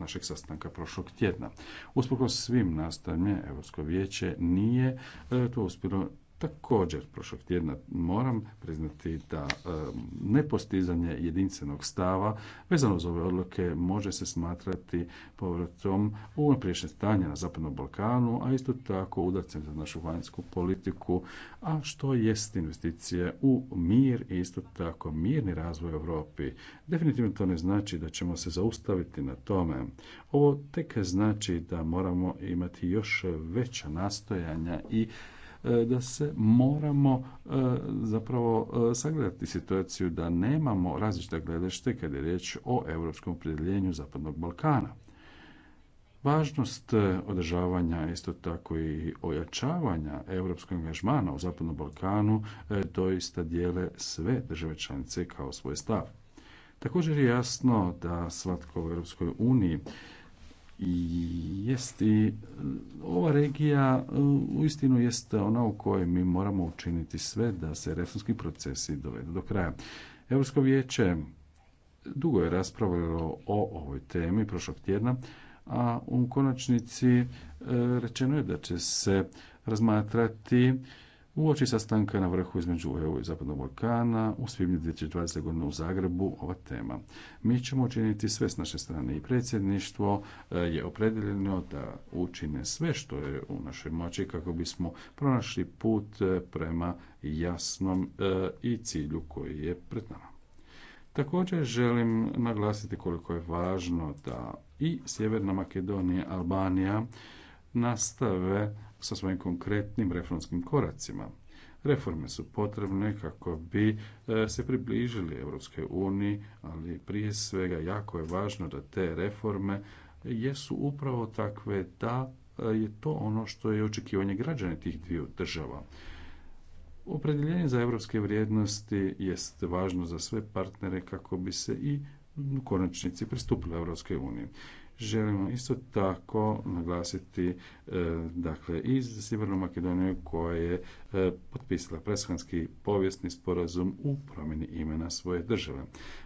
našeg sastanka prošlog tjedna. Usprkos svim nastavnje, Europsko vijeće nije e, to uspjelo Također, prošlog tjedna moram priznati da nepostizanje jedinstvenog stava vezano za ove odluke može se smatrati povratom u priješnje stanje na Zapadnom Balkanu, a isto tako udarcem za našu vanjsku politiku, a što jest investicije u mir i isto tako mirni razvoj u Europi. Definitivno to ne znači da ćemo se zaustaviti na tome. Ovo tek znači da moramo imati još veća nastojanja i E, da se moramo e, zapravo e, sagledati situaciju da nemamo različite gledešte kad je riječ o europskom opredjeljenju Zapadnog Balkana. Važnost održavanja isto tako i ojačavanja europskog angažmana u Zapadnom Balkanu doista dijele sve države članice kao svoj stav. Također je jasno da svatko u Europskoj uniji jest i ova regija e, uistinu jest ona u kojoj mi moramo učiniti sve da se reformski procesi dovedu do kraja. Europsko vijeće dugo je raspravljalo o ovoj temi prošlog tjedna, a u konačnici e, rečeno je da će se razmatrati Uoči sastanka na vrhu između EU i Zapadnog Balkana u svibnju 2020. godine u Zagrebu ova tema. Mi ćemo učiniti sve s naše strane i predsjedništvo e, je opredeljeno da učine sve što je u našoj moći kako bismo pronašli put e, prema jasnom e, i cilju koji je pred nama. Također želim naglasiti koliko je važno da i Sjeverna Makedonija, Albanija nastave sa svojim konkretnim reformskim koracima. Reforme su potrebne kako bi e, se približili Europskoj uniji, ali prije svega jako je važno da te reforme jesu upravo takve da e, je to ono što je očekivanje građana tih dviju država. Opredjeljenje za europske vrijednosti jest važno za sve partnere kako bi se i konačnici pristupili Europskoj uniji. Želimo isto tako naglasiti e, dakle iz za Sjevernu Makedoniju koja je e, potpisala preskanski povijesni sporazum u promjeni imena svoje države.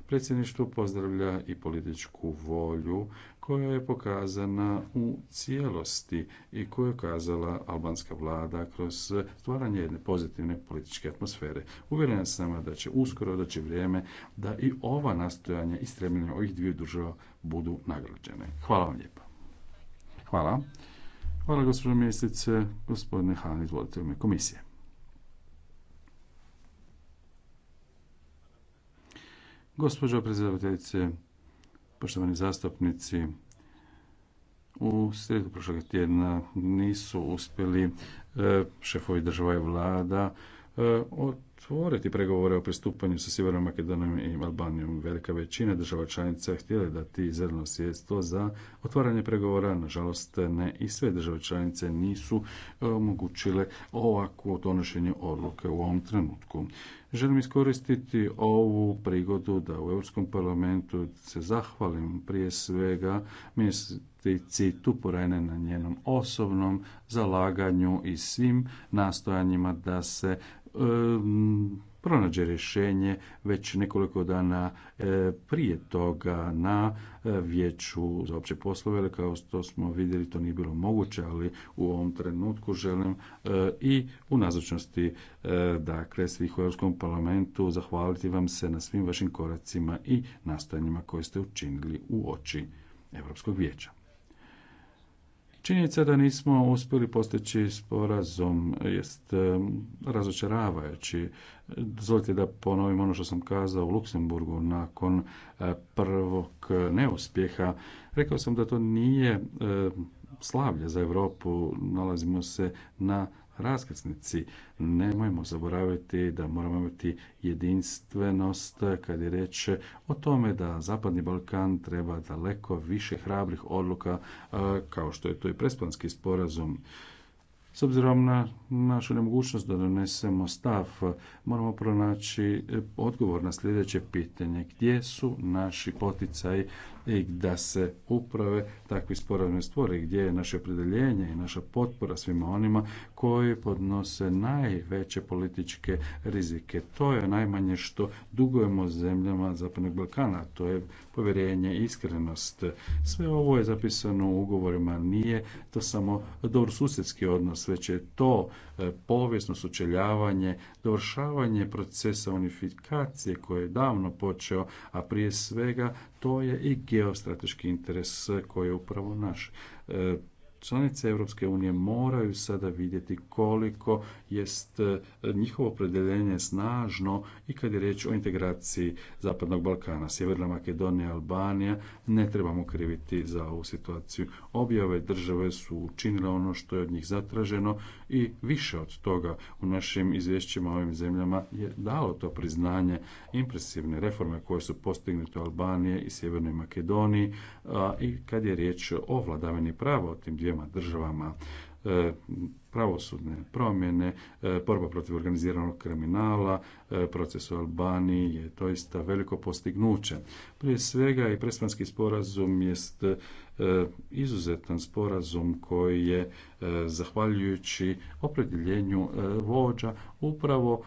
Predsjedništvo pozdravlja i političku volju koja je pokazana u cijelosti i koju je kazala albanska vlada kroz stvaranje jedne pozitivne političke atmosfere. Uvjerena sam da će uskoro doći vrijeme da i ova nastojanja i stremljenja ovih dviju država budu nagrađene. Hvala vam lijepa. Hvala. Hvala gospođo ministrice. Gospodine Han, izvolite komisije. Gospođo predsjedateljice, Poštovani zastupnici, u srijedu prošlog tjedna nisu uspjeli e, šefovi država i vlada e, otvoriti pregovore o pristupanju sa Sjevernom Makedonijom i Albanijom. Velika većina država članica htjele dati zeleno svjetstvo za otvaranje pregovora, nažalost ne i sve države članice nisu e, omogućile ovakvo donošenje odluke u ovom trenutku. Želim iskoristiti ovu prigodu da u Europskom parlamentu se zahvalim prije svega ministrici Tuporene na njenom osobnom zalaganju i svim nastojanjima da se pronađe rješenje već nekoliko dana e, prije toga na e, vijeću za opće poslove, kao što smo vidjeli to nije bilo moguće, ali u ovom trenutku želim e, i u nazočnosti dakle svih u Europskom parlamentu zahvaliti vam se na svim vašim koracima i nastojanjima koje ste učinili u oči Europskog vijeća. Činjenica da nismo uspjeli postići sporazum jest razočaravajući. Dozvolite da ponovim ono što sam kazao u Luksemburgu nakon e, prvog neuspjeha. Rekao sam da to nije slavlje za Europu, nalazimo se na raskrsnici. Nemojmo zaboraviti da moramo imati jedinstvenost kad je reč o tome da Zapadni Balkan treba daleko više hrabrih odluka e, kao što je to i prespanski sporazum. S obzirom na našu nemogućnost da donesemo stav, moramo pronaći odgovor na sljedeće pitanje. Gdje su naši poticaji i da se uprave takvi sporazumi stvore gdje je naše opredeljenje i naša potpora svima onima koji podnose najveće političke rizike. To je najmanje što dugujemo zemljama Zapadnog Balkana, to je povjerenje i iskrenost. Sve ovo je zapisano u ugovorima, nije to samo susjedski odnos, već je to e, povijesno sučeljavanje, dovršavanje procesa unifikacije koji je davno počeo, a prije svega to je i geostrateški interes koji je upravo naš. E, članice Europske unije moraju sada vidjeti koliko jest e, njihovo opredjeljenje snažno i kad je riječ o integraciji Zapadnog Balkana. Sjeverna Makedonija, Albanija ne trebamo kriviti za ovu situaciju. Obje države su učinile ono što je od njih zatraženo i više od toga u našim izvješćima ovim zemljama je dalo to priznanje impresivne reforme koje su postignute u Albanije i Sjevernoj Makedoniji i kad je riječ o vladavini prava u tim dvijema državama. E, pravosudne promjene, e, borba protiv organiziranog kriminala, e, proces u Albaniji je toista veliko postignuće. Prije svega i prespanski sporazum jest e, izuzetan sporazum koji je zahvaljujući opredjeljenju vođa upravo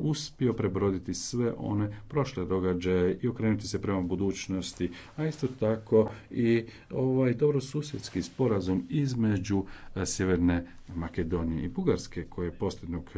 uspio prebroditi sve one prošle događaje i okrenuti se prema budućnosti, a isto tako i ovaj dobrosusjedski sporazum između Sjeverne Makedonije i Bugarske koje je posljednog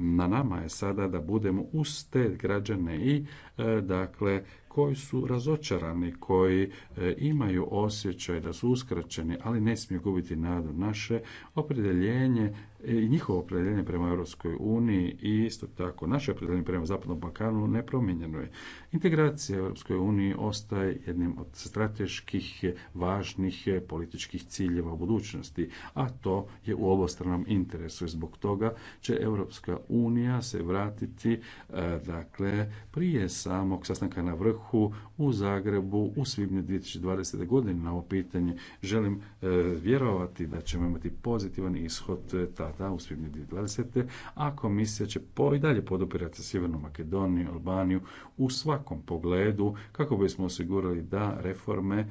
na nama je sada da budemo uz te građane i e, dakle koji su razočarani, koji e, imaju osjećaj da su uskraćeni, ali ne smiju gubiti nadu. Naše opredjeljenje i njihovo opredjeljenje prema Europskoj uniji i isto tako naše opredjeljenje prema Zapadnom Balkanu nepromijenjeno je. Integracija Europskoj uniji ostaje jednim od strateških važnih e, političkih ciljeva u budućnosti, a to je u obostranom interesu. i Zbog toga će Europska unija se vratiti e, dakle prije samog sastanka na vrhu u Zagrebu u svibnju 2020. godine na ovo pitanje. Želim e, vjerovati da ćemo imati pozitivan ishod e, tada u svibnju 2020. a komisija će po i dalje podupirati Sjevernu Makedoniju, Albaniju u svakom pogledu kako bismo osigurali da reforme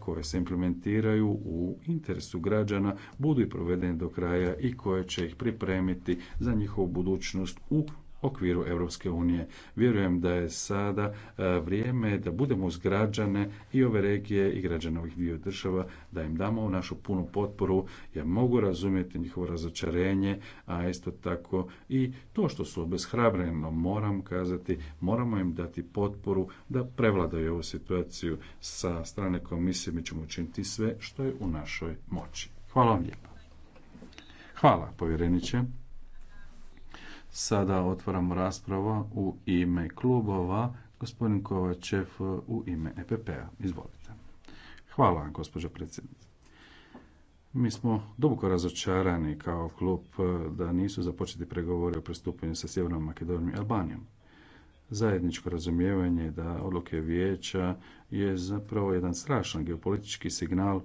koje se implementiraju u interesu građana budu i provedene do kraja i koje će ih pripremiti za njihovu budućnost u okviru Europske unije. Vjerujem da je sada e, vrijeme da budemo uz građane i ove regije i građane ovih dviju država, da im damo našu punu potporu. Ja mogu razumjeti njihovo razočarenje, a isto tako i to što su obeshrabreni, moram kazati, moramo im dati potporu da prevladaju ovu situaciju sa strane komisije. Mi ćemo učiniti sve što je u našoj moći. Hvala vam lijepa. Hvala, povjereniče. Sada otvaram raspravo u ime klubova. Gospodin Kovačev u ime EPP-a. Izvolite. Hvala, gospođo predsjednice. Mi smo duboko razočarani kao klub eh, da nisu započeti pregovori o pristupanju sa Sjevernom Makedonijom i Albanijom. Zajedničko razumijevanje da odluke vijeća je zapravo jedan strašan geopolitički signal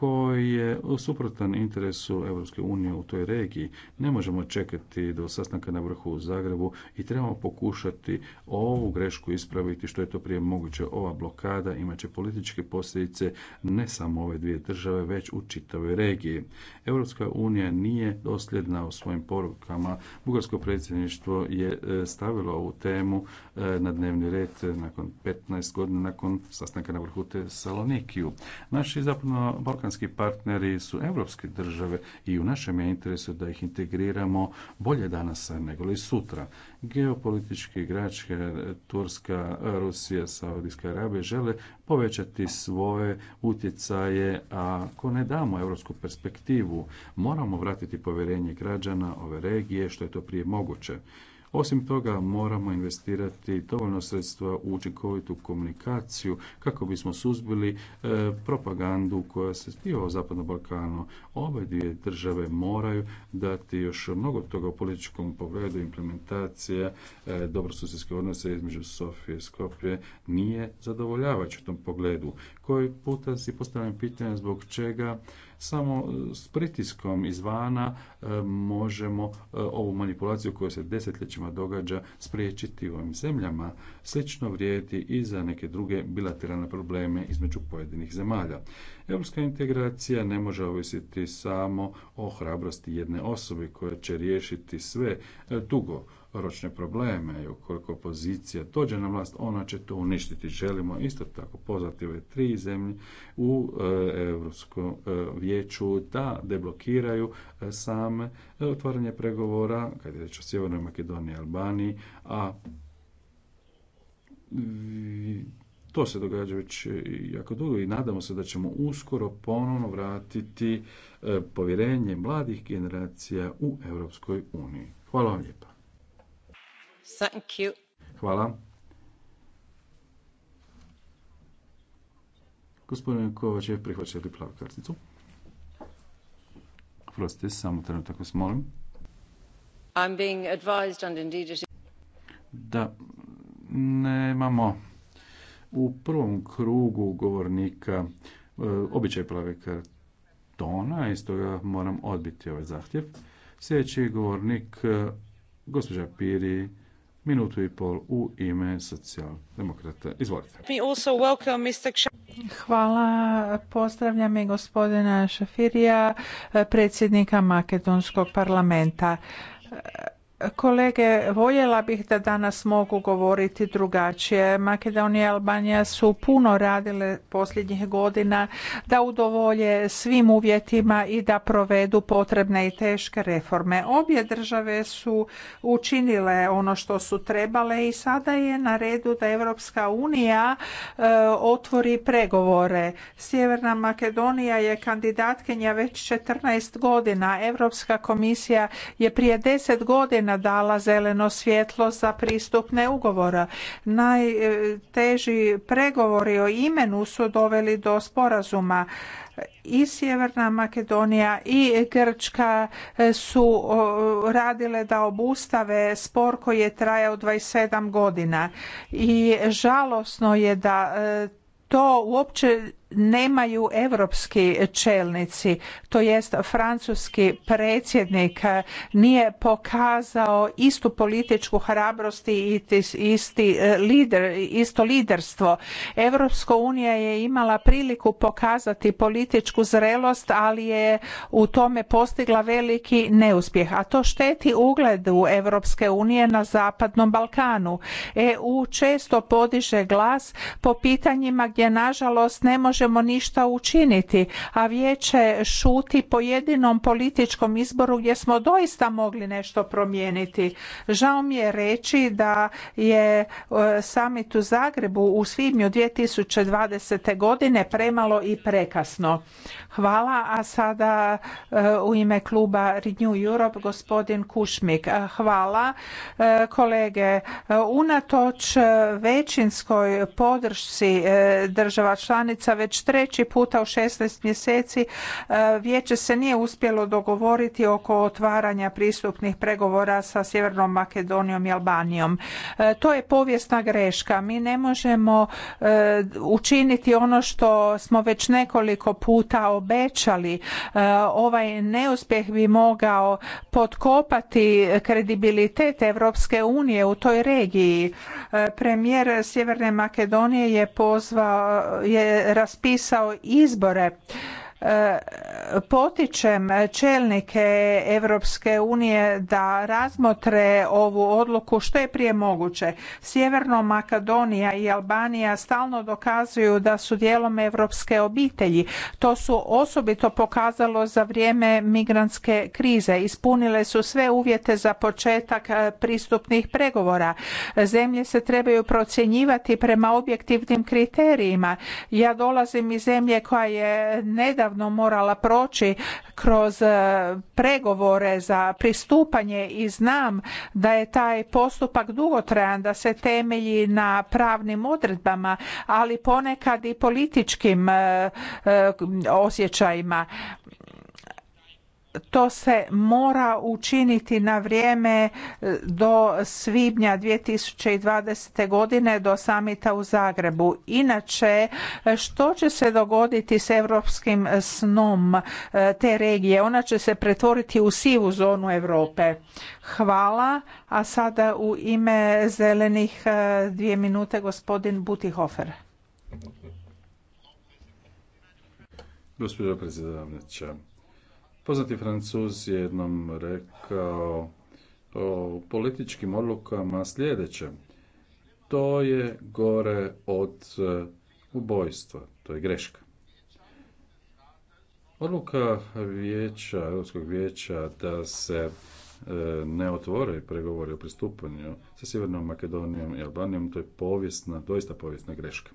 koji je suprotan interesu Europske unije u toj regiji. Ne možemo čekati do sastanka na vrhu u Zagrebu i trebamo pokušati ovu grešku ispraviti što je to prije moguće. Ova blokada imat će političke posljedice ne samo ove dvije države, već u čitavoj regiji. Europska unija nije dosljedna u svojim porukama. Bugarsko predsjedništvo je e, stavilo ovu temu e, na dnevni red nakon 15 godina nakon sastanka na vrhu Salonikiju. Naši zapadno Balkan balkanski partneri su evropske države i u našem je interesu da ih integriramo bolje danas nego li sutra. Geopolitički igračke Turska, Rusija, Saudijska Arabija žele povećati svoje utjecaje, a ako ne damo europsku perspektivu, moramo vratiti povjerenje građana ove regije što je to prije moguće. Osim toga, moramo investirati dovoljno sredstva u učinkovitu komunikaciju kako bismo suzbili e, propagandu koja se zbiva u Zapadnom Balkanu. Ove dvije države moraju dati još mnogo toga u političkom pogledu implementacija e, dobrosusjedskih odnosa između Sofije i Skopje nije zadovoljavajući u tom pogledu. Koji puta si postavljam pitanje zbog čega samo e, s pritiskom izvana e, možemo e, ovu manipulaciju koja se desetljećima događa spriječiti u ovim zemljama. Slično vrijedi i za neke druge bilateralne probleme između pojedinih zemalja. Europska integracija ne može ovisiti samo o hrabrosti jedne osobe koja će riješiti sve dugo ročne probleme i ukoliko opozicija dođe na vlast, ona će to uništiti. Želimo isto tako pozvati ove tri zemlje u Europskom e, vijeću da deblokiraju e, same e, otvaranje pregovora, kad je reč o Sjevernoj Makedoniji i Albaniji, a to se događa već jako dugo i nadamo se da ćemo uskoro ponovno vratiti povjerenje mladih generacija u Europskoj uniji. Hvala vam lijepa. Hvala. Gospodine Kovačev, prihvaćate li plavu karticu? Prostite, samo trenutak vas molim. I'm being advised Da, nemamo u prvom krugu govornika e, običaj plave kartona i stoga moram odbiti ovaj zahtjev. Sljedeći govornik, e, gospođa Piri, minutu i pol u ime socijaldemokrata. Izvolite. Hvala. Pozdravljam i gospodina Šafirija, predsjednika Makedonskog parlamenta Kolege, voljela bih da danas mogu govoriti drugačije. Makedonija i Albanija su puno radile posljednjih godina da udovolje svim uvjetima i da provedu potrebne i teške reforme. Obje države su učinile ono što su trebale i sada je na redu da Europska unija e, otvori pregovore. Sjeverna Makedonija je kandidatkinja već 14 godina. Europska komisija je prije 10 godina Ukrajina dala zeleno svjetlo za pristupne ugovora. Najteži pregovori o imenu su doveli do sporazuma i Sjeverna Makedonija i Grčka su radile da obustave spor koji je trajao 27 godina i žalosno je da e, to uopće nemaju europski čelnici, to jest francuski predsjednik nije pokazao istu političku hrabrost i isti e, lider, isto liderstvo. Europska unija je imala priliku pokazati političku zrelost, ali je u tome postigla veliki neuspjeh, a to šteti ugledu Europske unije na zapadnom Balkanu. EU često podiže glas po pitanjima gdje nažalost ne može možemo ništa učiniti, a vijeće šuti po jedinom političkom izboru gdje smo doista mogli nešto promijeniti. Žao mi je reći da je e, Samit u Zagrebu u svibnju 2020. godine premalo i prekasno. Hvala, a sada e, u ime kluba Renew Europe gospodin Kušmik. E, hvala kolege. Unatoč većinskoj podršci država članica već treći puta u 16 mjeseci e, vijeće se nije uspjelo dogovoriti oko otvaranja pristupnih pregovora sa Sjevernom Makedonijom i Albanijom. E, to je povijesna greška. Mi ne možemo e, učiniti ono što smo već nekoliko puta obećali. Ovaj neuspjeh bi mogao potkopati kredibilitet Europske unije u toj regiji. Premijer Sjeverne Makedonije je pozvao je raspravljao raspisao izbore potičem čelnike Europske unije da razmotre ovu odluku što je prije moguće. Sjeverno Makedonija i Albanija stalno dokazuju da su dijelom europske obitelji. To su osobito pokazalo za vrijeme migrantske krize. Ispunile su sve uvjete za početak eh, pristupnih pregovora. Zemlje se trebaju procjenjivati prema objektivnim kriterijima. Ja dolazim iz zemlje koja je nedavno naravno morala proći kroz e, pregovore za pristupanje i znam da je taj postupak dugotrajan, da se temelji na pravnim odredbama, ali ponekad i političkim e, e, osjećajima to se mora učiniti na vrijeme e, do svibnja 2020. godine do samita u Zagrebu. Inače, što će se dogoditi s europskim snom e, te regije? Ona će se pretvoriti u sivu zonu Europe. Hvala, a sada u ime zelenih e, dvije minute gospodin Butihofer. Gospodin predsjedavnića, Poznati Francuz je jednom rekao o političkim odlukama sljedeće. To je gore od e, ubojstva, to je greška. Odluka vijeća, Europskog vijeća da se e, ne otvore pregovori o pristupanju sa Sjevernom Makedonijom i Albanijom, to je povijesna, doista povijesna greška.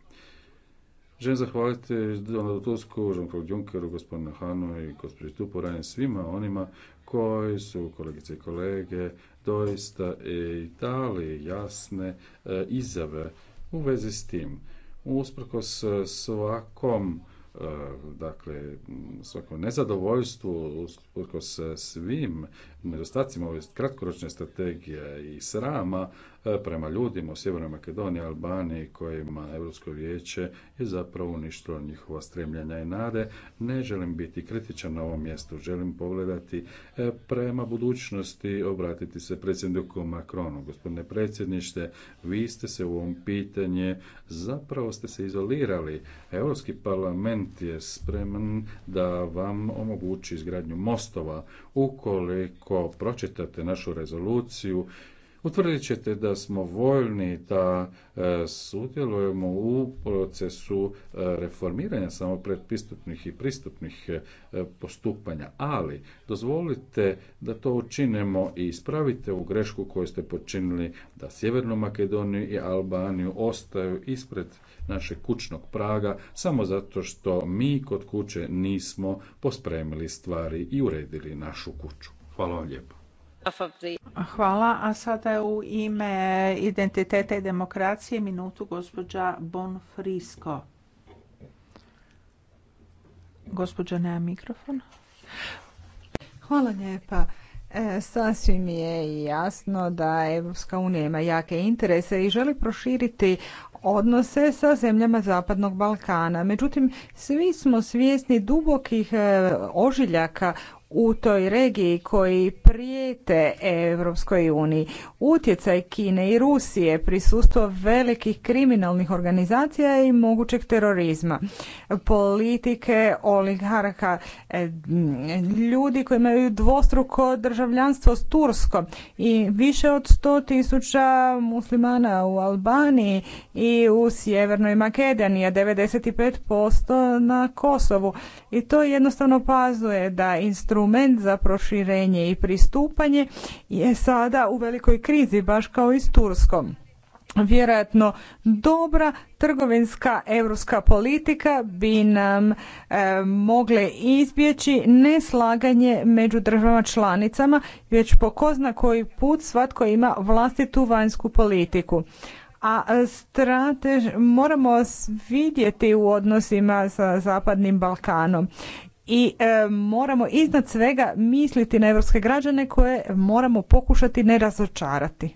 Želim zahvaliti Donaldu Tusku, Jean-Claude Junckeru, gospodinu Hanu i gospođi Tuporajen, svima onima koji su, kolegice i kolege, doista i dali jasne e, izjave u vezi s tim. Usprkos svakom e, dakle svako nezadovoljstvu usprkos svim nedostacima ove kratkoročne strategije i srama E, prema ljudima u Sjevernoj Makedoniji i Albaniji kojima Europsko vijeće je zapravo uništilo njihova stremljenja i nade. Ne želim biti kritičan na ovom mjestu, želim pogledati e, prema budućnosti, obratiti se predsjedniku Macronu. Gospodine predsjedniče, vi ste se u ovom pitanje, zapravo ste se izolirali. Europski parlament je spreman da vam omogući izgradnju mostova ukoliko pročitate našu rezoluciju utvrdit ćete da smo voljni da e, sudjelujemo u procesu e, reformiranja samo predpristupnih i pristupnih e, postupanja, ali dozvolite da to učinemo i ispravite u grešku koju ste počinili da Sjevernu Makedoniju i Albaniju ostaju ispred našeg kućnog praga samo zato što mi kod kuće nismo pospremili stvari i uredili našu kuću. Hvala vam lijepo. Hvala, a sada u ime identiteta i demokracije minutu gospođa Bonfrisko. Gospođa nema mikrofon. Hvala lijepa. E, sasvim je jasno da Evropska unija ima jake interese i želi proširiti odnose sa zemljama Zapadnog Balkana. Međutim, svi smo svjesni dubokih e, ožiljaka u toj regiji koji prijete Europskoj uniji. Utjecaj Kine i Rusije, prisustvo velikih kriminalnih organizacija i mogućeg terorizma, politike oligarka, e, ljudi koji imaju dvostruko državljanstvo s Turskom i više od sto tisuća muslimana u Albaniji i u Sjevernoj Makedoniji, a 95% na Kosovu. I to jednostavno pazuje da instrument instrument za proširenje i pristupanje je sada u velikoj krizi, baš kao i s Turskom. Vjerojatno dobra trgovinska europska politika bi nam e, mogle izbjeći neslaganje među državama članicama, već po ko zna koji put svatko ima vlastitu vanjsku politiku a stratež moramo vidjeti u odnosima sa Zapadnim Balkanom i e, moramo iznad svega misliti na europske građane koje moramo pokušati ne razočarati.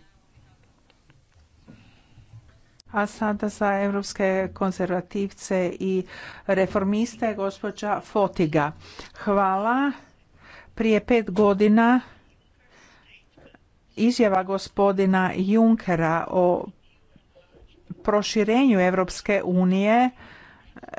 A sada za europske konzervativce i reformiste gospođa Fotiga. Hvala. Prije pet godina izjava gospodina Junkera o proširenju Europske unije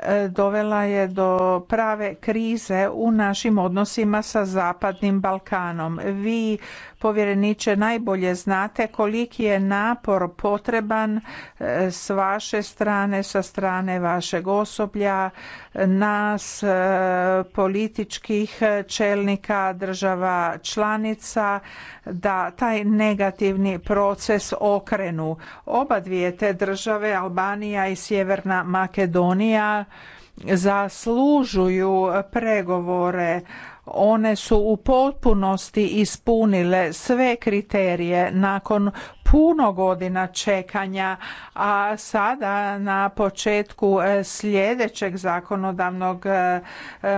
E, dovela je do prave krize u našim odnosima sa Zapadnim Balkanom. Vi povjereniče najbolje znate koliki je napor potreban e, s vaše strane, sa strane vašeg osoblja, nas e, političkih čelnika država članica da taj negativni proces okrenu. Oba dvije te države, Albanija i Sjeverna Makedonija, zaslužuju pregovore one su u potpunosti ispunile sve kriterije nakon puno godina čekanja, a sada na početku e, sljedećeg zakonodavnog e,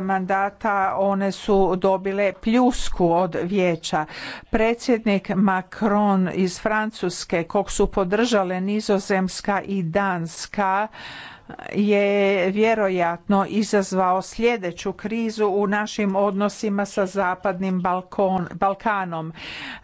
mandata one su dobile pljusku od vijeća. Predsjednik Macron iz Francuske, kog su podržale Nizozemska i Danska, je vjerojatno izazvao sljedeću krizu u našim odnosima sa zapadnim Balkanom.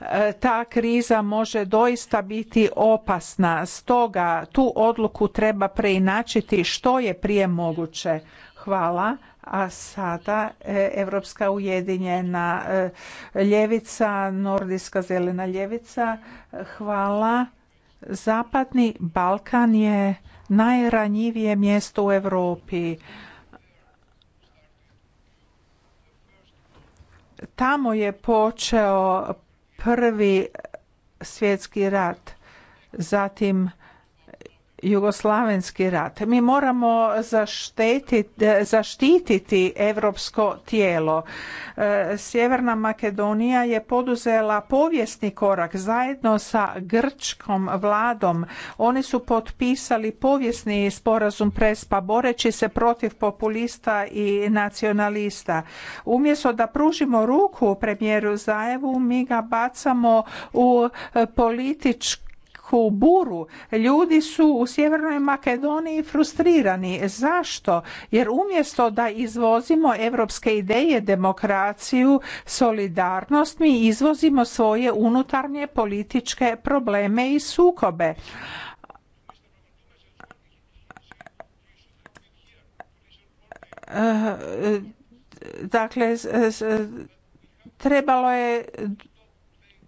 E, ta kriza može doista biti opasna, stoga tu odluku treba preinačiti što je prije moguće. Hvala. A sada Europska ujedinjena e, ljevica, nordijska zelena ljevica. Hvala. Zapadni Balkan je najranjivije mjesto u Europi. Tamo je počeo prvi svjetski rat, zatim jugoslavenski rat. Mi moramo e, zaštititi europsko tijelo. E, Sjeverna Makedonija je poduzela povijesni korak zajedno sa grčkom vladom. Oni su potpisali povijesni sporazum Prespa boreći se protiv populista i nacionalista. Umjesto da pružimo ruku premijeru Zajevu, mi ga bacamo u e, političku veliku buru. Ljudi su u Sjevernoj Makedoniji frustrirani. Zašto? Jer umjesto da izvozimo europske ideje, demokraciju, solidarnost, mi izvozimo svoje unutarnje političke probleme i sukobe. Eh, eh, dakle, trebalo je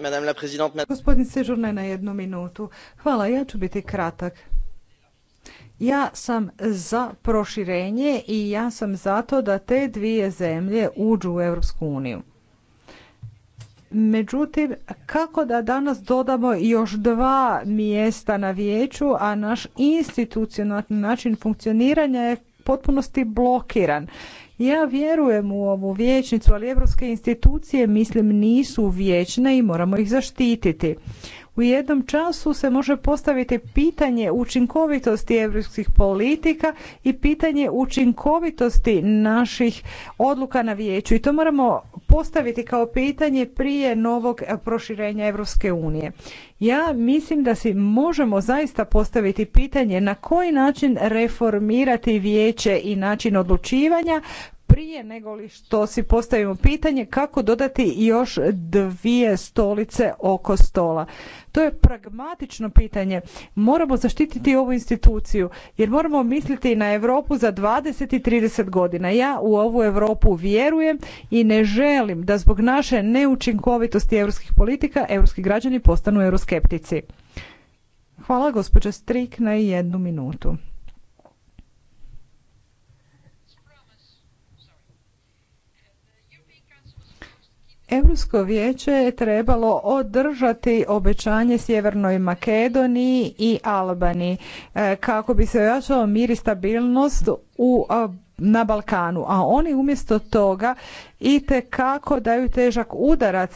madame la gospodin na jednu minutu hvala ja ću biti kratak ja sam za proširenje i ja sam za to da te dvije zemlje uđu u europsku uniju međutim kako da danas dodamo još dva mjesta na vijeću a naš institucionalni način funkcioniranja je u potpunosti blokiran ja vjerujem u ovu vijećnicu, ali europske institucije mislim nisu vječne i moramo ih zaštititi. U jednom času se može postaviti pitanje učinkovitosti europskih politika i pitanje učinkovitosti naših odluka na vijeću i to moramo postaviti kao pitanje prije novog proširenja Europske unije. Ja mislim da si možemo zaista postaviti pitanje na koji način reformirati vijeće i način odlučivanja prije nego li što si postavimo pitanje kako dodati još dvije stolice oko stola. To je pragmatično pitanje. Moramo zaštititi ovu instituciju jer moramo misliti na Europu za 20 i 30 godina. Ja u ovu Europu vjerujem i ne želim da zbog naše neučinkovitosti europskih politika europski građani postanu euroskeptici. Hvala gospođa Strik na jednu minutu. Europsko vijeće je trebalo održati obećanje Sjevernoj Makedoniji i Albaniji e, kako bi se ojačao mir i stabilnost u na Balkanu, a oni umjesto toga i kako daju težak udarac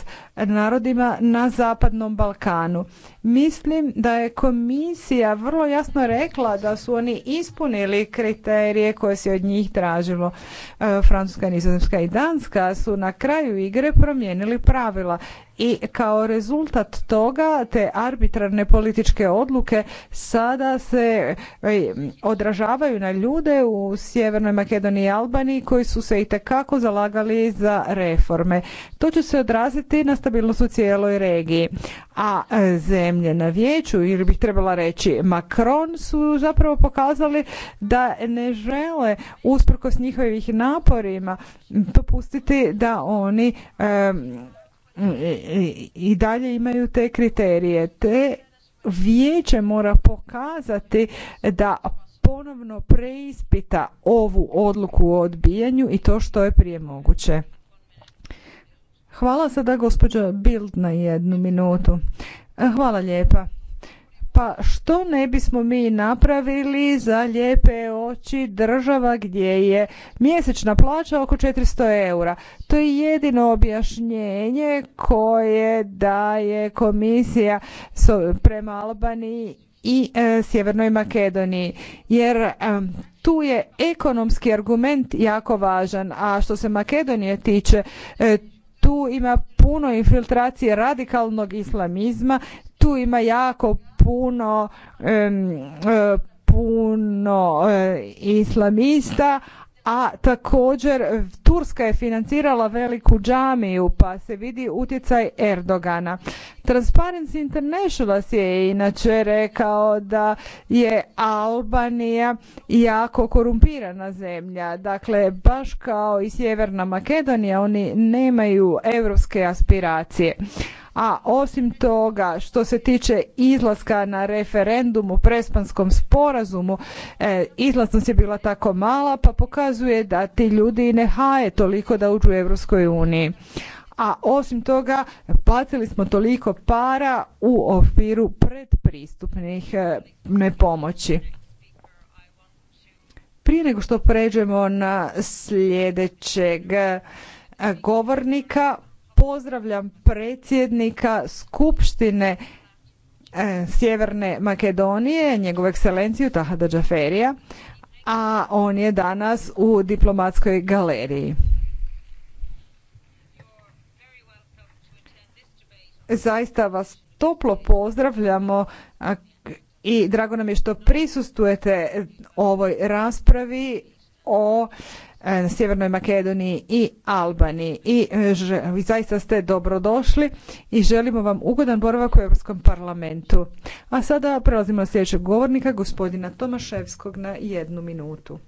narodima na Zapadnom Balkanu. Mislim da je komisija vrlo jasno rekla da su oni ispunili kriterije koje se od njih tražilo. E, Francuska, Nizozemska i Danska su na kraju igre promijenili pravila i kao rezultat toga te arbitrarne političke odluke sada se e, odražavaju na ljude u Sjevernoj Makedoniji i Albaniji koji su se itekako zalagali za reforme. To će se odraziti na stabilnost u cijeloj regiji. A e, zemlje na vijeću, ili bih trebala reći Macron, su zapravo pokazali da ne žele usprkos njihovih naporima dopustiti da oni e, i dalje imaju te kriterije. Te vijeće mora pokazati da ponovno preispita ovu odluku o odbijanju i to što je prije moguće. Hvala sada gospođa Bild na jednu minutu. Hvala lijepa pa što ne bismo mi napravili za lijepe oči država gdje je mjesečna plaća oko 400 eura. To je jedino objašnjenje koje daje komisija prema Albaniji i e, Sjevernoj Makedoniji. Jer e, tu je ekonomski argument jako važan, a što se Makedonije tiče, e, tu ima puno infiltracije radikalnog islamizma, tu ima jako puno e, puno e, islamista a također Turska je financirala veliku džamiju pa se vidi utjecaj Erdogana. Transparency International je inače rekao da je Albanija jako korumpirana zemlja. Dakle, baš kao i Sjeverna Makedonija, oni nemaju europske aspiracije. A osim toga, što se tiče izlaska na referendum u prespanskom sporazumu, e, izlasnost je bila tako mala pa pokazuje da ti ljudi ne haje toliko da uđu u Europskoj uniji a osim toga platili smo toliko para u okviru predpristupnih e, nepomoći. Prije nego što pređemo na sljedećeg e, govornika, pozdravljam predsjednika Skupštine e, Sjeverne Makedonije, njegovu ekscelenciju Tahada Džaferija, a on je danas u diplomatskoj galeriji. Zaista vas toplo pozdravljamo i drago nam je što prisustujete ovoj raspravi o E, Sjevernoj Makedoniji i Albaniji i e, zaista ste dobrodošli i želimo vam ugodan boravak u Europskom parlamentu. A sada prelazimo na sljedećeg govornika, gospodina Tomaševskog na jednu minutu.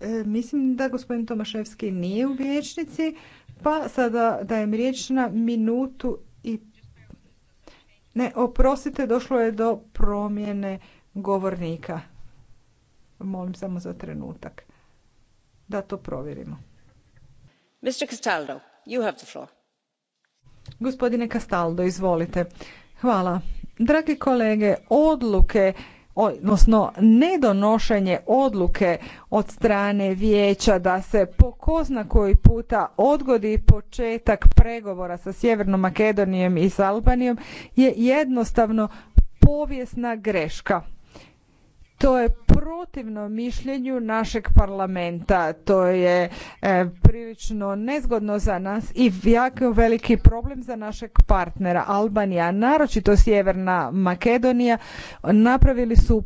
E, mislim da gospodin Tomaševski nije u vijećnici, pa sada dajem riječ na minutu i ne, oprostite, došlo je do promjene govornika. Molim samo za trenutak da to provjerimo. Mr. Castaldo, you have the floor. Gospodine Castaldo, izvolite. Hvala. Dragi kolege, odluke odnosno nedonošenje odluke od strane vijeća da se po ko koji puta odgodi početak pregovora sa Sjevernom Makedonijom i s Albanijom je jednostavno povijesna greška. To je protivno mišljenju našeg parlamenta. To je e, prilično nezgodno za nas i jako veliki problem za našeg partnera Albanija, naročito Sjeverna Makedonija, napravili su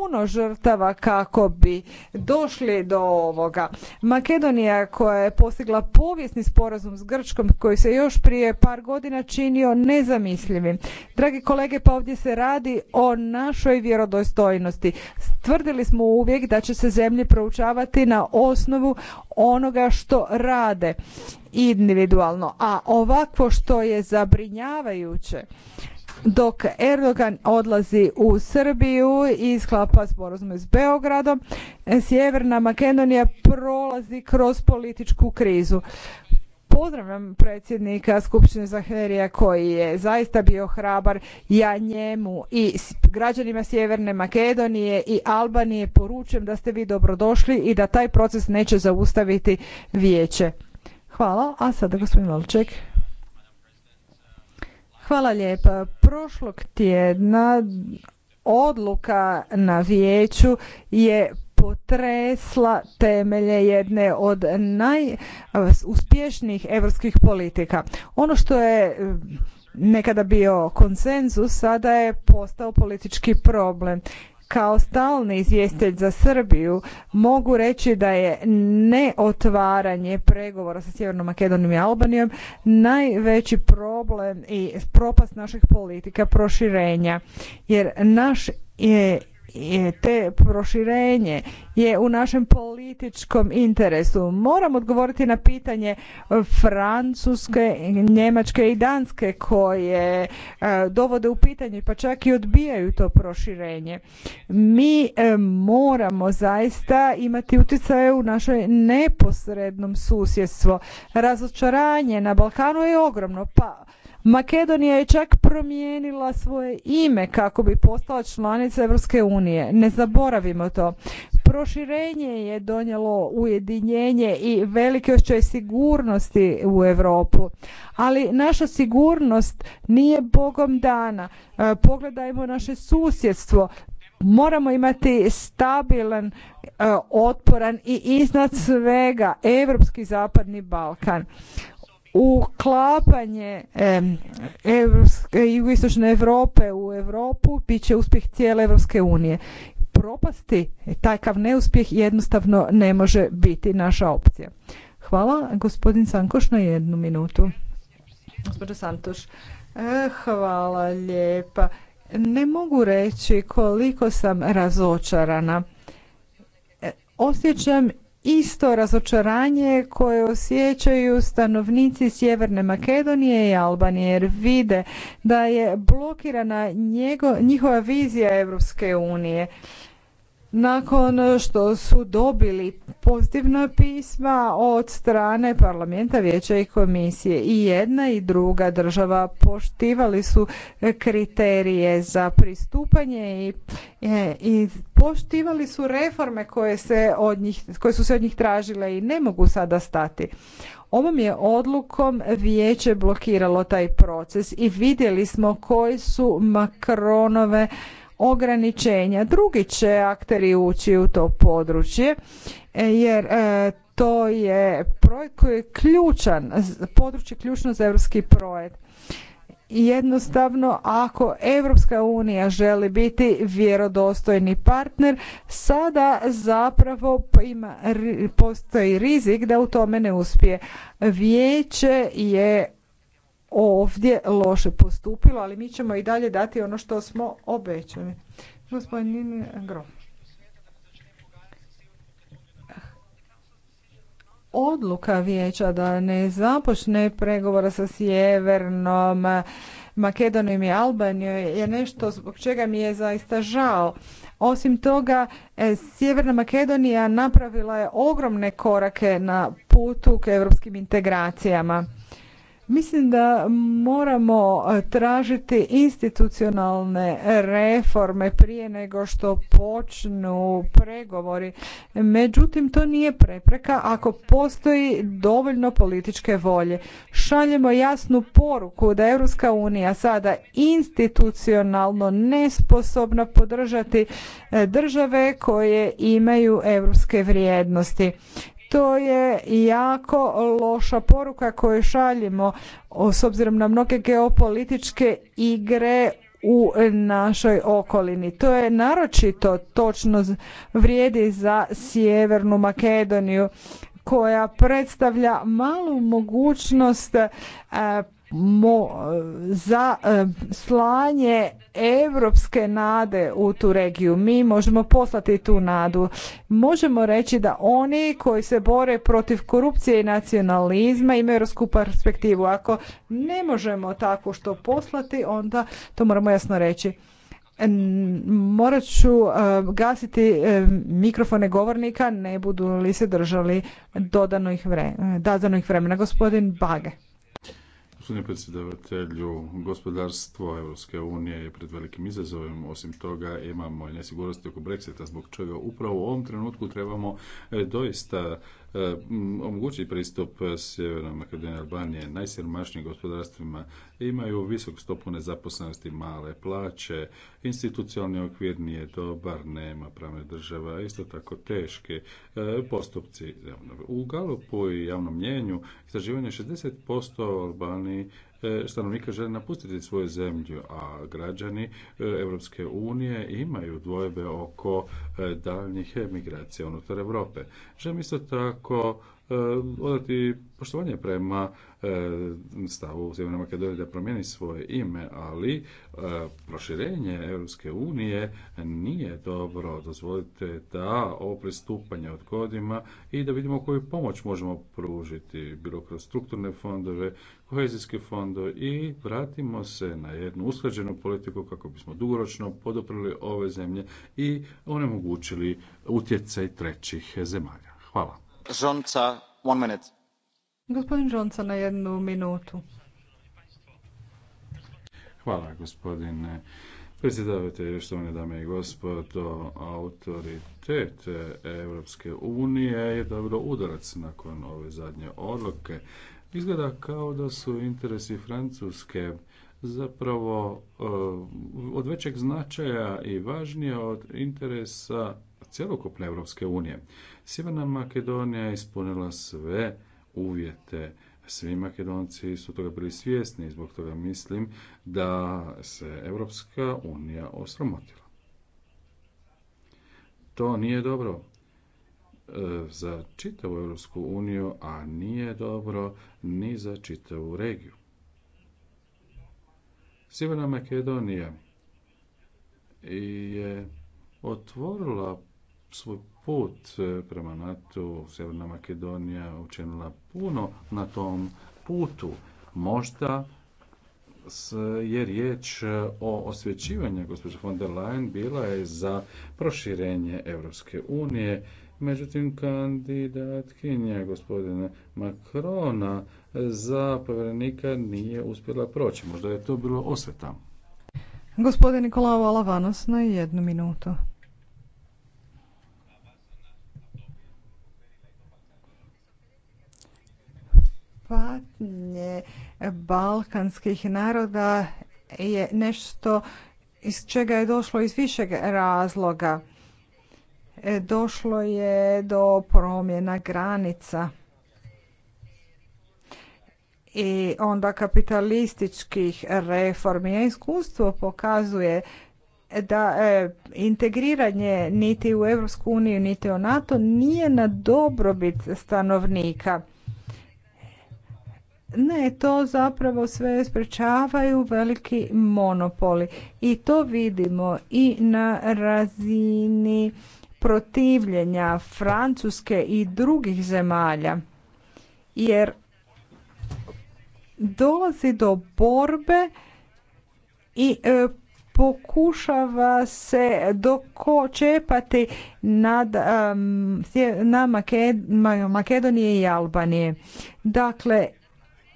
puno žrtava kako bi došli do ovoga. Makedonija koja je postigla povijesni sporazum s Grčkom koji se još prije par godina činio nezamislivim. Dragi kolege, pa ovdje se radi o našoj vjerodostojnosti. Tvrdili smo uvijek da će se zemlje proučavati na osnovu onoga što rade individualno, a ovakvo što je zabrinjavajuće dok Erdogan odlazi u Srbiju i sklapa sporazum s Beogradom, Sjeverna Makedonija prolazi kroz političku krizu. Pozdravljam predsjednika Skupštine Zaherija koji je zaista bio hrabar. Ja njemu i građanima Sjeverne Makedonije i Albanije poručujem da ste vi dobrodošli i da taj proces neće zaustaviti vijeće. Hvala, a sada gospodin Valček. Hvala lijepa. Prošlog tjedna odluka na vijeću je potresla temelje jedne od najuspješnijih europskih politika. Ono što je mm, nekada bio konsenzus, sada je postao politički problem kao stalni izvjestitelj za Srbiju mogu reći da je neotvaranje pregovora sa Sjevernom Makedonijom i Albanijom najveći problem i propast naših politika proširenja jer naš je te proširenje je u našem političkom interesu. Moram odgovoriti na pitanje Francuske, Njemačke i Danske koje e, dovode u pitanje pa čak i odbijaju to proširenje. Mi e, moramo zaista imati utjecaje u našoj neposrednom susjedstvu. Razočaranje na Balkanu je ogromno pa Makedonija je čak promijenila svoje ime kako bi postala članica Europske unije. Ne zaboravimo to. Proširenje je donijelo ujedinjenje i velike osjećaj sigurnosti u Europu. Ali naša sigurnost nije bogom dana. E, pogledajmo naše susjedstvo. Moramo imati stabilan, e, otporan i iznad svega europski zapadni Balkan uklapanje jugoistočne Europe u Europu bit će uspjeh cijele Europske unije. Propasti takav neuspjeh jednostavno ne može biti naša opcija. Hvala gospodin Sankoš na jednu minutu. Gospodin Santoš, eh, hvala lijepa. Ne mogu reći koliko sam razočarana. Eh, osjećam isto razočaranje koje osjećaju stanovnici Sjeverne Makedonije i Albanije jer vide da je blokirana njihova vizija Europske unije nakon što su dobili pozitivna pisma od strane parlamenta, vijeća i komisije. I jedna i druga država poštivali su kriterije za pristupanje i, e, i poštivali su reforme koje, se od njih, koje su se od njih tražile i ne mogu sada stati. Ovom je odlukom vijeće blokiralo taj proces i vidjeli smo koji su Makronove ograničenja. Drugi će akteri ući u to područje e, jer e, to je projekt koji je ključan, područje ključno za europski projekt. Jednostavno, ako Evropska unija želi biti vjerodostojni partner, sada zapravo pa ima, postoji rizik da u tome ne uspije. Vijeće je ovdje loše postupilo, ali mi ćemo i dalje dati ono što smo obećali. Gospodin Grom. Odluka vijeća da ne započne pregovora sa Sjevernom Makedonijom i Albanijom je nešto zbog čega mi je zaista žao. Osim toga, e, Sjeverna Makedonija napravila je ogromne korake na putu k europskim integracijama Mislim da moramo e, tražiti institucionalne reforme prije nego što počnu pregovori. Međutim, to nije prepreka ako postoji dovoljno političke volje. Šaljemo jasnu poruku da je EU sada institucionalno nesposobna podržati e, države koje imaju europske vrijednosti. To je jako loša poruka koju šaljemo s obzirom na mnoge geopolitičke igre u našoj okolini. To je naročito točno vrijedi za Sjevernu Makedoniju koja predstavlja malu mogućnost e, mo, za e, slanje europske nade u tu regiju. Mi možemo poslati tu nadu. Možemo reći da oni koji se bore protiv korupcije i nacionalizma imaju evropsku perspektivu. Ako ne možemo tako što poslati, onda to moramo jasno reći. Morat ću e, gasiti e, mikrofone govornika, ne budu li se držali dodanih vremena. Gospodin Bage. Gospodine predsjedavatelju, gospodarstvo Europske unije je pred velikim izazovem. Osim toga imamo i nesigurnosti oko Brexita, zbog čega upravo u ovom trenutku trebamo e, doista E, omogući pristup e, Sjevernoj Makedoniji Albanije najsiromašnijim gospodarstvima imaju visok stopu nezaposlenosti, male plaće, institucionalni okvir nije dobar, nema pravne država, isto tako teške e, postupci. U Galopu i javnom mjenju istraživanje 60% Albaniji E, stanovnika žele napustiti svoju zemlju, a građani Europske unije imaju dvojbe oko e, daljnjih migracija unutar Europe. Želim isto tako Eh, odati poštovanje prema eh, stavu Sjeverne Makedonije da promijeni svoje ime, ali eh, proširenje Europske unije nije dobro. Dozvolite da ovo pristupanje odgodima i da vidimo koju pomoć možemo pružiti, bilo kroz strukturne fondove, kohezijski fondove i vratimo se na jednu usklađenu politiku kako bismo dugoročno podoprili ove zemlje i onemogućili utjecaj trećih zemalja. Hvala na jednu minutu. Hvala gospodine predsjedavatelju, štovane dame i gospodo, autoritet Europske unije je dobro udarac nakon ove zadnje odluke. Izgleda kao da su interesi Francuske zapravo eh, od većeg značaja i važnija od interesa cjelokupne Europske unije. Sjeverna Makedonija je ispunila sve uvjete svi Makedonci su toga bili svjesni i zbog toga mislim da se Europska unija osramotila. To nije dobro e, za čitavu Europsku uniju, a nije dobro ni za čitavu regiju. Sjeverna Makedonija je otvorila svoj put e, prema NATO, Sjeverna Makedonija učinila puno na tom putu. Možda je riječ e, o osvećivanju gospođa von der Leyen bila je za proširenje Europske unije, međutim kandidatkinja gospodina Makrona za povjerenika nije uspjela proći. Možda je to bilo osveta. Gospodin Nikolao Alavanos na jednu minutu. patnje balkanskih naroda je nešto iz čega je došlo iz višeg razloga. E, došlo je do promjena granica i onda kapitalističkih reformi. iskustvo pokazuje da e, integriranje niti u EU niti u NATO nije na dobrobit stanovnika. Ne, to zapravo sve sprečavaju veliki monopoli i to vidimo i na razini protivljenja Francuske i drugih zemalja. Jer dolazi do borbe i e, pokušava se dokočepati nad e, na Makedonije i Albanije. Dakle,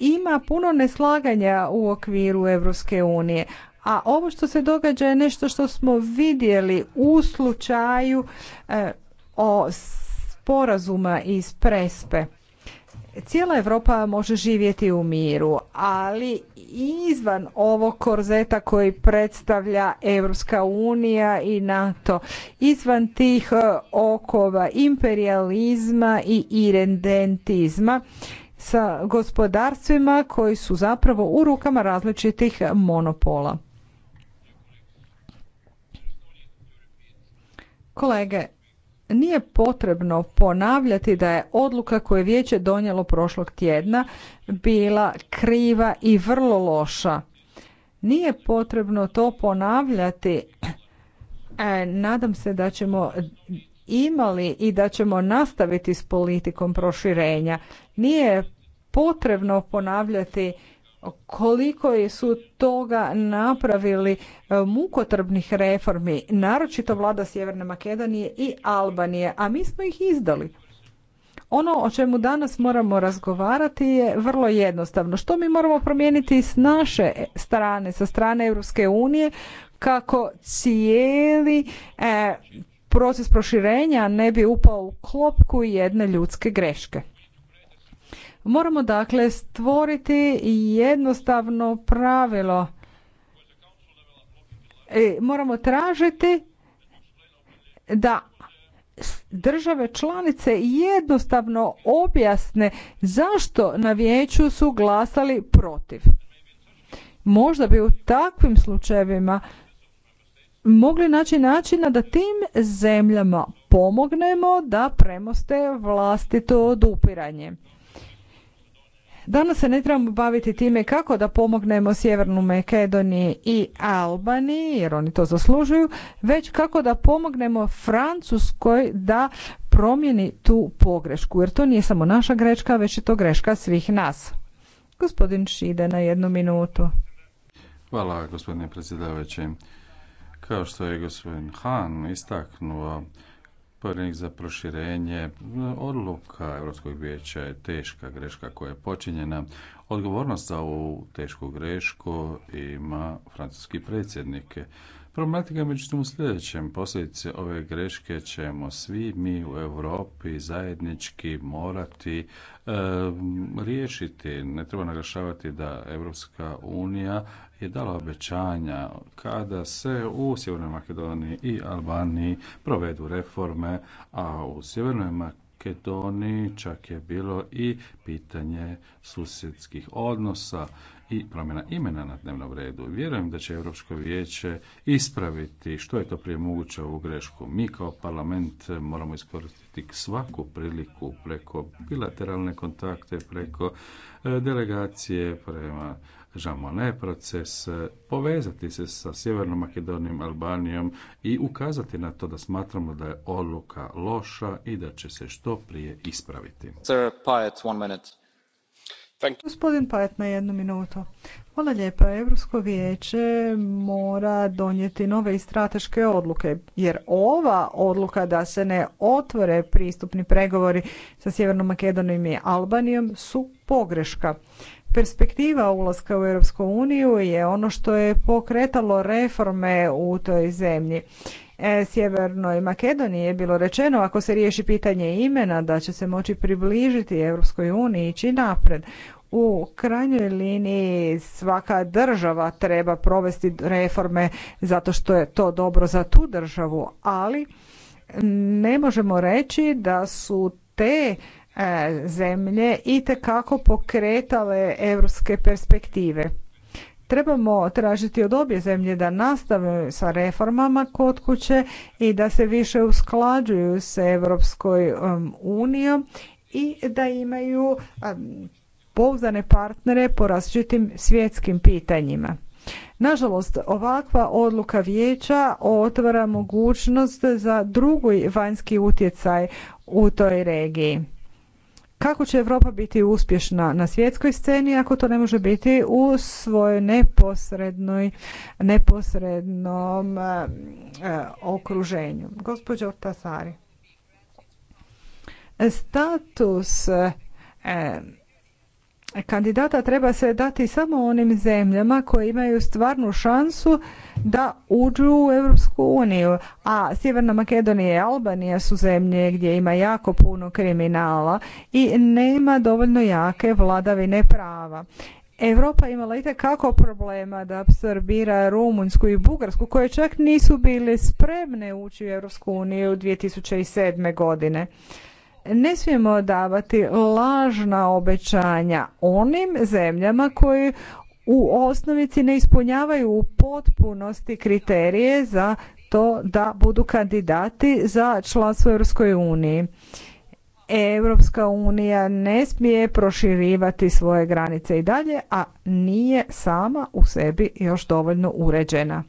ima puno neslaganja u okviru Europske unije, a ovo što se događa je nešto što smo vidjeli u slučaju e, o sporazuma iz Prespe. Cijela Europa može živjeti u miru, ali izvan ovog korzeta koji predstavlja Europska unija i NATO, izvan tih e, okova imperializma i irendentizma, sa gospodarstvima koji su zapravo u rukama različitih monopola. Kolege, nije potrebno ponavljati da je odluka koju je vijeće donijelo prošlog tjedna bila kriva i vrlo loša. Nije potrebno to ponavljati. E, nadam se da ćemo imali i da ćemo nastaviti s politikom proširenja. Nije potrebno ponavljati koliko su toga napravili e, mukotrbnih reformi, naročito vlada Sjeverne Makedonije i Albanije, a mi smo ih izdali. Ono o čemu danas moramo razgovarati je vrlo jednostavno. Što mi moramo promijeniti s naše strane, sa strane Europske unije, kako cijeli e, proces proširenja ne bi upao u klopku jedne ljudske greške. Moramo dakle stvoriti jednostavno pravilo. E, moramo tražiti da države članice jednostavno objasne zašto na vijeću su glasali protiv. Možda bi u takvim slučajevima mogli naći načina da tim zemljama pomognemo da premoste vlastito odupiranje. Danas se ne trebamo baviti time kako da pomognemo Sjevernu Makedoniji i Albaniji, jer oni to zaslužuju, već kako da pomognemo Francuskoj da promijeni tu pogrešku, jer to nije samo naša greška, već je to greška svih nas. Gospodin Šide na jednu minutu. Hvala gospodine predsjedavajući. Kao što je gospodin Han istaknuo, za proširenje, odluka Europskog vijeća je teška greška koja je počinjena. Odgovornost za ovu tešku grešku ima francuski predsjednik. Problematika je međutim u sljedećem. Posljedice ove greške ćemo svi mi u Europi zajednički morati e, riješiti. Ne treba naglašavati da Europska unija je dala obećanja kada se u Sjevernoj Makedoniji i Albaniji provedu reforme, a u Sjevernoj Makedoniji Makedoniji čak je bilo i pitanje susjedskih odnosa i promjena imena na dnevnom redu. Vjerujem da će Europsko vijeće ispraviti što je to prije moguće ovu grešku. Mi kao parlament moramo iskoristiti svaku priliku preko bilateralne kontakte, preko e, delegacije, prema Žamone proces, e, povezati se sa Sjevernom Makedonijom, Albanijom i ukazati na to da smatramo da je odluka loša i da će se što prije ispraviti. Gospodin Pajet na jednu minutu. Hvala lijepa. Europsko vijeće mora donijeti nove i strateške odluke, jer ova odluka da se ne otvore pristupni pregovori sa Sjevernom Makedonijom i Albanijom su pogreška. Perspektiva ulaska u Europsku uniju je ono što je pokretalo reforme u toj zemlji. E, Sjevernoj Makedoniji je bilo rečeno ako se riješi pitanje imena da će se moći približiti Europskoj uniji ići napred. U krajnjoj liniji svaka država treba provesti reforme zato što je to dobro za tu državu, ali ne možemo reći da su te e, zemlje i kako pokretale europske perspektive. Trebamo tražiti od obje zemlje da nastave sa reformama kod kuće i da se više usklađuju s Europskoj um, unijom i da imaju um, pouzdane partnere po različitim svjetskim pitanjima. Nažalost, ovakva odluka vijeća otvara mogućnost za drugi vanjski utjecaj u toj regiji. Kako će Europa biti uspješna na svjetskoj sceni ako to ne može biti u svojoj neposrednoj, neposrednom e, e, okruženju? Gospođo Ortasari, status e, kandidata treba se dati samo onim zemljama koje imaju stvarnu šansu da uđu u Europsku uniju. A Sjeverna Makedonija i Albanija su zemlje gdje ima jako puno kriminala i nema dovoljno jake vladavine prava. Europa imala itekako problema da apsorbira Rumunjsku i Bugarsku koje čak nisu bile spremne ući u Europsku uniju 2007. godine ne smijemo davati lažna obećanja onim zemljama koje u osnovici ne ispunjavaju u potpunosti kriterije za to da budu kandidati za članstvo u Europskoj uniji. Europska unija ne smije proširivati svoje granice i dalje, a nije sama u sebi još dovoljno uređena.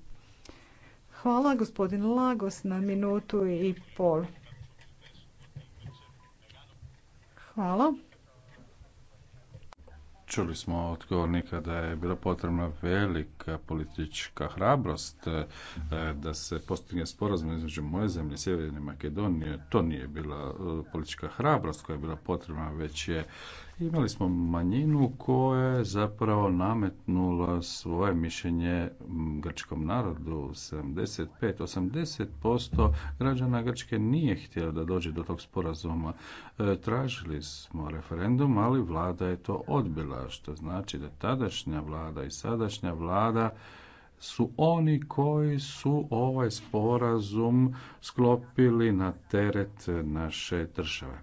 Hvala gospodin Lagos na minutu i pol. Hvala. Čuli smo od govornika da je bila potrebna velika politička hrabrost e, da se postigne sporazum između moje zemlje Sjeverne Makedonije. To nije bila e, politička hrabrost koja je bila potrebna, već je Imali smo manjinu koja je zapravo nametnula svoje mišljenje grčkom narodu. 75-80% građana Grčke nije htjela da dođe do tog sporazuma. E, tražili smo referendum, ali vlada je to odbila, što znači da tadašnja vlada i sadašnja vlada su oni koji su ovaj sporazum sklopili na teret naše države.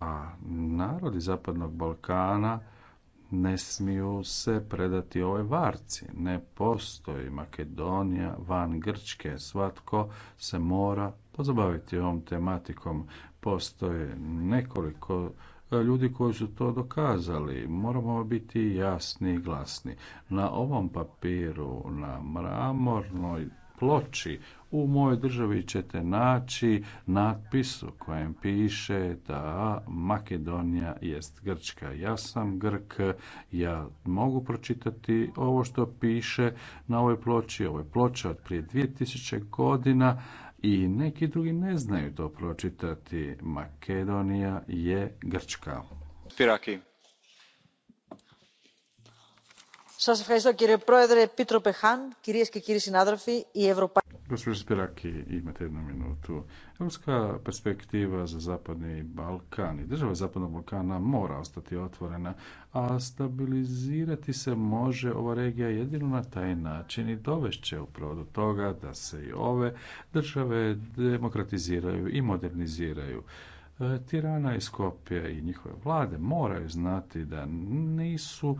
A narodi Zapadnog Balkana ne smiju se predati ovoj varci. Ne postoji Makedonija van Grčke. Svatko se mora pozabaviti ovom tematikom. Postoje nekoliko e, ljudi koji su to dokazali. Moramo biti jasni i glasni. Na ovom papiru, na mramornoj ploči u mojoj državi ćete naći natpis u kojem piše da Makedonija jest Grčka. Ja sam Grk, ja mogu pročitati ovo što piše na ovoj ploči. Ovo je ploča od prije 2000 godina i neki drugi ne znaju to pročitati. Makedonija je Grčka. Gospođo Spiraki, imate jednu minutu. Europska perspektiva za Zapadni Balkan i država Zapadnog Balkana mora ostati otvorena, a stabilizirati se može ova regija jedino na taj način i dovešće upravo do toga da se i ove države demokratiziraju i moderniziraju. E, Tirana i Skopje i njihove vlade moraju znati da nisu e,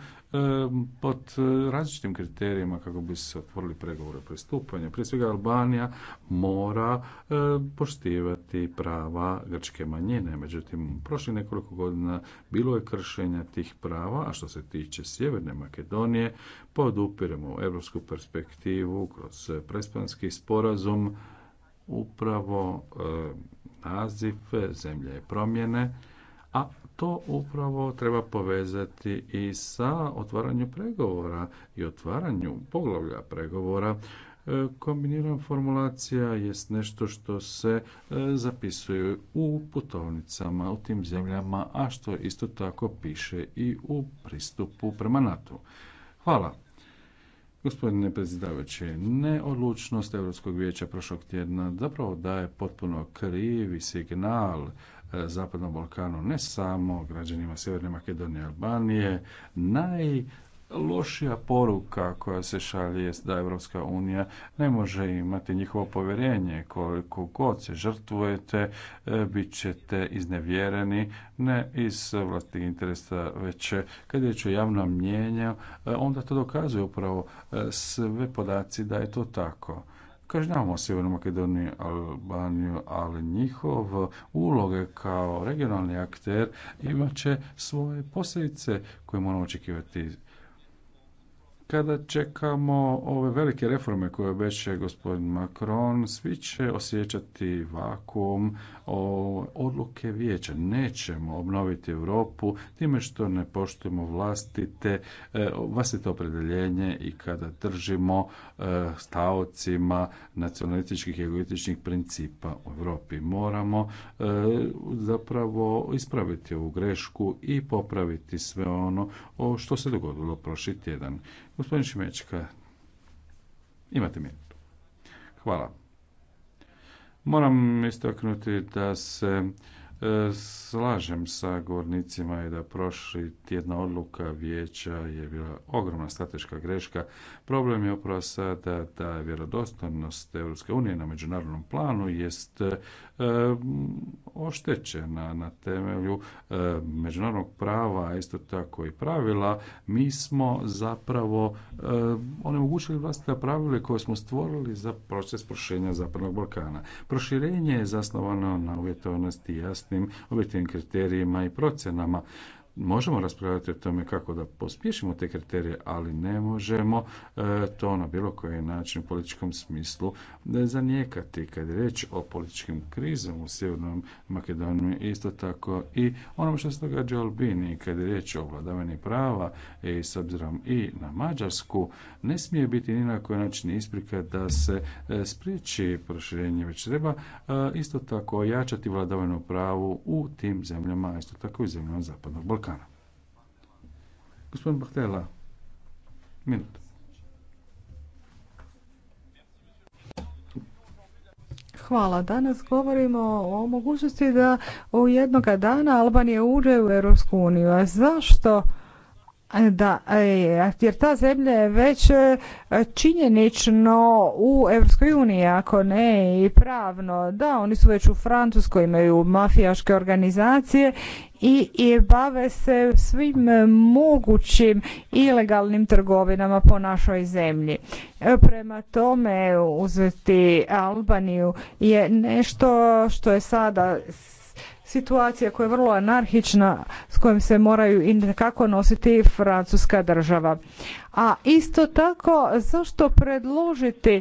pod različitim kriterijima kako bi se otvorili pregovore o pristupanju. Prije svega Albanija mora e, poštivati prava grčke manjine. Međutim, prošli nekoliko godina bilo je kršenja tih prava, a što se tiče Sjeverne Makedonije, podupiremo europsku perspektivu kroz prespanski sporazum upravo naziv zemlje promjene, a to upravo treba povezati i sa otvaranjem pregovora i otvaranju poglavlja pregovora e, Kombiniran formulacija jest nešto što se e, zapisuje u putovnicama u tim zemljama, a što isto tako piše i u pristupu prema NATO. Hvala. Gospodine predsjedavajući, neodlučnost Europskog vijeća prošlog tjedna zapravo daje potpuno krivi signal e, Zapadnom Balkanu, ne samo građanima Sjeverne Makedonije i Albanije, naj lošija poruka koja se šalje je da Europska unija ne može imati njihovo povjerenje. Koliko god se žrtvujete, e, bit ćete iznevjereni, ne iz vlastnih interesa, već kad je o javnom mnjenju, e, onda to dokazuje upravo e, sve podaci da je to tako kažnjavamo Sjevernu Makedoniju Albaniju, ali njihov uloge kao regionalni akter imat će svoje posljedice koje moramo očekivati kada čekamo ove velike reforme koje obeće gospodin Macron, svi će osjećati vakuum o odluke vijeća. Nećemo obnoviti Europu time što ne poštujemo vlastite, e, vlastite opredeljenje i kada držimo E, stavcima nacionalističkih i egoističnih principa u Europi. Moramo e, zapravo ispraviti ovu grešku i popraviti sve ono o što se dogodilo prošli tjedan. Gospodin Šimečka, imate minutu. Hvala. Moram istaknuti da se E, slažem sa govornicima je da prošli tjedna odluka vijeća je bila ogromna strateška greška. Problem je upravo sada da vjerodostojnost Europske unije na međunarodnom planu jest E, oštećena na temelju e, međunarodnog prava, isto tako i pravila, mi smo zapravo e, onemogućili vlastite pravila koje smo stvorili za proces proširenja Zapadnog Balkana. Proširenje je zasnovano na uvjetovanosti jasnim objektivnim kriterijima i procenama. Možemo raspravljati o tome kako da pospješimo te kriterije, ali ne možemo e, to na bilo koji način u političkom smislu zanijekati. Kad je riječ o političkim krizama u Sjevernom Makedoniji, isto tako i ono što se događa u Albini, kad je riječ o vladavanju prava i s obzirom i na Mađarsku, ne smije biti ni na koji način isprika da se e, spriječi proširenje, već treba e, isto tako jačati vladavinu pravu u tim zemljama, isto tako i zemljama Zapadnog Balkana. Gospodin Hvala. Danas govorimo o mogućnosti da u jednoga dana Albanija uđe u Europsku uniju. A zašto? da, e, jer ta zemlja je već e, činjenično u Europskoj uniji, ako ne i pravno. Da, oni su već u Francuskoj, imaju mafijaške organizacije i, i bave se svim e, mogućim ilegalnim trgovinama po našoj zemlji. Prema tome uzeti Albaniju je nešto što je sada situacija koja je vrlo anarhična s kojom se moraju kako nositi francuska država. A isto tako zašto predložiti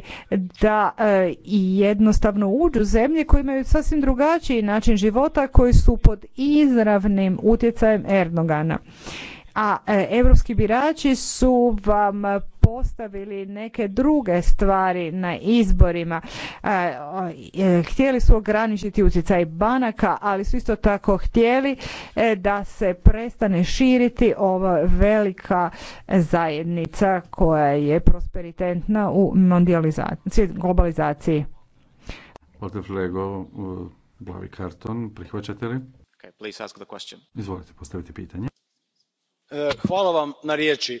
da e, jednostavno uđu zemlje koje imaju sasvim drugačiji način života koji su pod izravnim utjecajem Erdogana. A e, europski birači su vam postavili neke druge stvari na izborima. E, e, htjeli su ograničiti utjecaj banaka, ali su isto tako htjeli e, da se prestane širiti ova velika zajednica koja je prosperitetna u globalizaciji. Lego, glavi karton, prihvaćate li? Izvolite postaviti pitanje. Hvala vam na riječi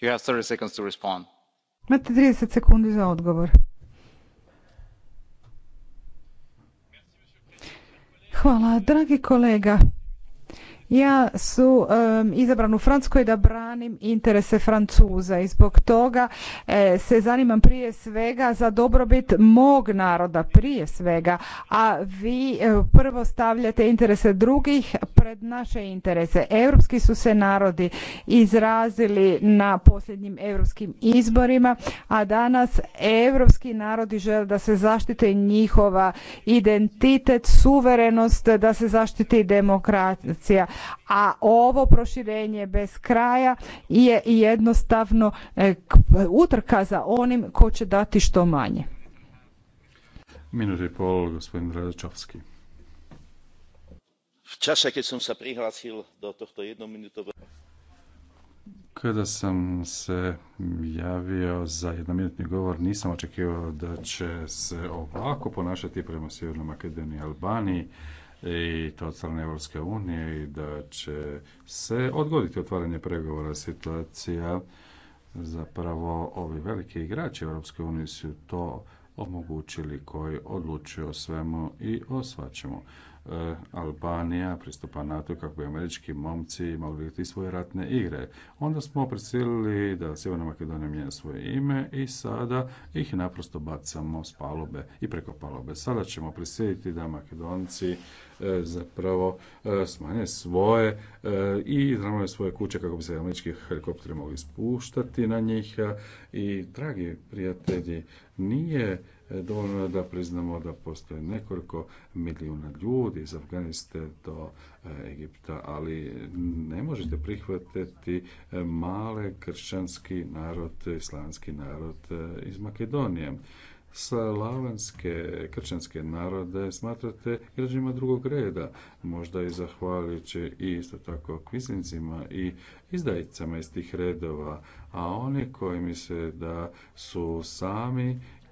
Imate 30 sekundi za odgovor. Hvala, dragi kolega. Ja su um, izabran u Francuskoj da branim interese Francuza i zbog toga e, se zanimam prije svega za dobrobit mog naroda prije svega, a vi e, prvo stavljate interese drugih pred naše interese. Europski su se narodi izrazili na posljednjim europskim izborima, a danas europski narodi žele da se zaštite njihova identitet, suverenost, da se zaštiti demokracija a ovo proširenje bez kraja je jednostavno e, utrka za onim ko će dati što manje. Minut i pol, gospodin Radačovski. sam se do tohto Kada sam se javio za jednominutni govor, nisam očekivao da će se ovako ponašati prema Sjevernoj Makedoniji i Albaniji i to od strane Europske unije i da će se odgoditi otvaranje pregovora situacija zapravo ovi veliki igrači Europske unije su to omogućili koji odlučuju o svemu i o svačemu. E, Albanija pristupa NATO kako bi američki momci mogli biti svoje ratne igre. Onda smo prisilili da Sjeverna Makedonija mijenja svoje ime i sada ih naprosto bacamo s palube i preko palobe. Sada ćemo prisiliti da Makedonci e, zapravo e, smanje svoje i izravnaju svoje kuće kako bi se američki helikopteri mogli spuštati na njih. I, dragi prijatelji, nije E, Dovoljno je da priznamo da postoje nekoliko milijuna ljudi iz Afganiste do e, Egipta, ali ne možete prihvatiti e, male kršćanski narod, islamski narod iz Makedonije Slavenske kršćanske narode smatrate građanima drugog reda, možda i zahvaljujući i isto tako kvizincima i izdajicama iz tih redova, a oni koji misle da su sami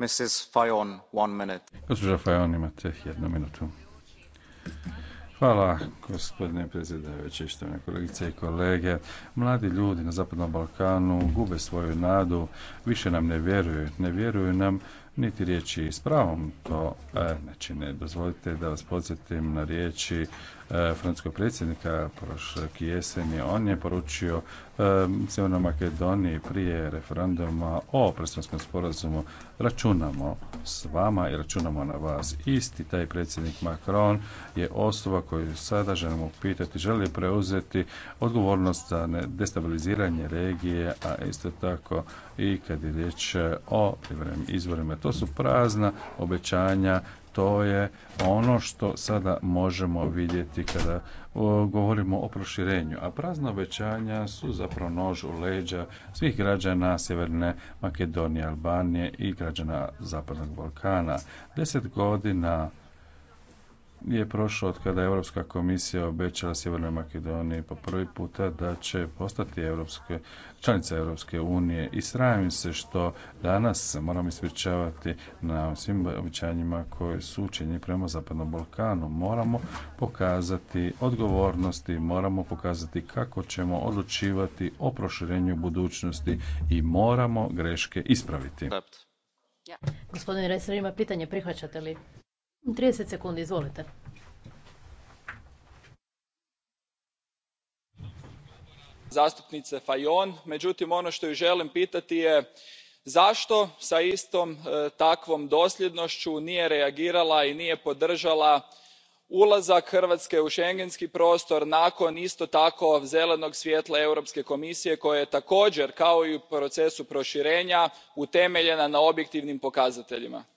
Mrs. Fajon, one minute. Fajon, imate jednu minutu. Hvala, gospodine predsjedavajući, štovane kolegice i kolege. Mladi ljudi na Zapadnom Balkanu gube svoju nadu, više nam ne vjeruju. Ne vjeruju nam niti riječi s pravom to e, ne čine. Dozvolite da vas podsjetim na riječi e, francuskog predsjednika prošlog jeseni. On je poručio e, Sjevernoj Makedoniji prije referenduma o predstavskom sporazumu računamo s vama i računamo na vas. Isti taj predsjednik Macron je osoba koju sada želimo pitati želi preuzeti odgovornost za destabiliziranje regije, a isto tako i kad je riječ e, o izvorima. To su prazna obećanja, to je ono što sada možemo vidjeti kada govorimo o proširenju. A prazna obećanja su zapravo nož u leđa svih građana Sjeverne Makedonije, Albanije i građana Zapadnog Balkana. Deset godina je prošlo od kada je Europska komisija obećala Sjevernoj Makedoniji po prvi puta da će postati europske, članica Europske unije i sramim se što danas moramo ispričavati na svim obećanjima koje su učinjeni prema Zapadnom Balkanu. Moramo pokazati odgovornosti, moramo pokazati kako ćemo odlučivati o proširenju budućnosti i moramo greške ispraviti. Gospodin ima pitanje, prihvaćate li? 30 sekundi, izvolite. Zastupnice Fajon, međutim ono što ju želim pitati je zašto sa istom e, takvom dosljednošću nije reagirala i nije podržala ulazak Hrvatske u schengenski prostor nakon isto tako zelenog svjetla Europske komisije koja je također kao i u procesu proširenja utemeljena na objektivnim pokazateljima.